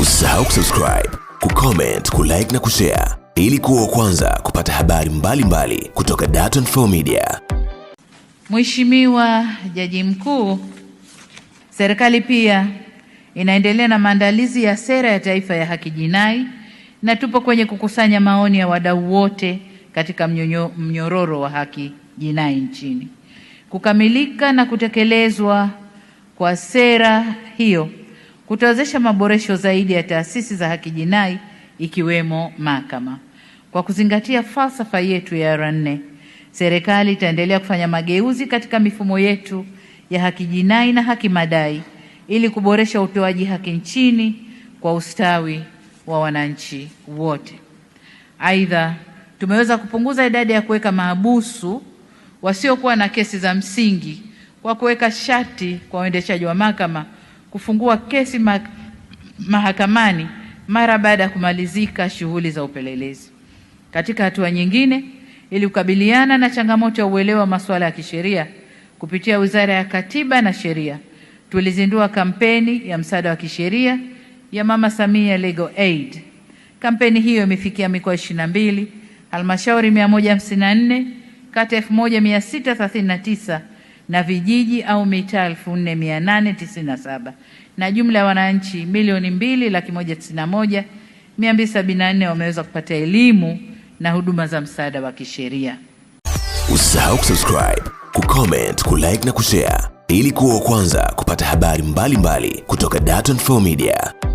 Usisahau kusubscribe, kucomment, kulike na kushare ili kuwa kwanza kupata habari mbalimbali mbali kutoka Dar24 Media. Mheshimiwa Jaji Mkuu, serikali pia inaendelea na maandalizi ya sera ya taifa ya haki jinai na tupo kwenye kukusanya maoni ya wadau wote katika mnyonyo, mnyororo wa haki jinai nchini. Kukamilika na kutekelezwa kwa sera hiyo kutawezesha maboresho zaidi ya taasisi za haki jinai ikiwemo mahakama. Kwa kuzingatia falsafa yetu ya R nne, serikali itaendelea kufanya mageuzi katika mifumo yetu ya haki jinai na haki madai ili kuboresha utoaji haki nchini kwa ustawi wa wananchi wote. Aidha, tumeweza kupunguza idadi ya kuweka mahabusu wasiokuwa na kesi za msingi kwa kuweka sharti kwa uendeshaji wa mahakama kufungua kesi ma mahakamani mara baada ya kumalizika shughuli za upelelezi. Katika hatua nyingine, ili kukabiliana na changamoto ya uelewa wa masuala ya kisheria, kupitia Wizara ya Katiba na Sheria tulizindua kampeni ya msaada wa kisheria ya Mama Samia Legal Aid. Kampeni hiyo imefikia mikoa 22, halmashauri 154 kati ya 1639 na vijiji au mitaa 4897 na jumla ya wananchi milioni mbili laki moja tisini na moja mia mbili sabini na nne wameweza kupata elimu na huduma za msaada wa kisheria. Usisahau kusubscribe, kucomment, kulike na kushare ili kuwa wa kwanza kupata habari mbalimbali mbali kutoka Dar24 Media.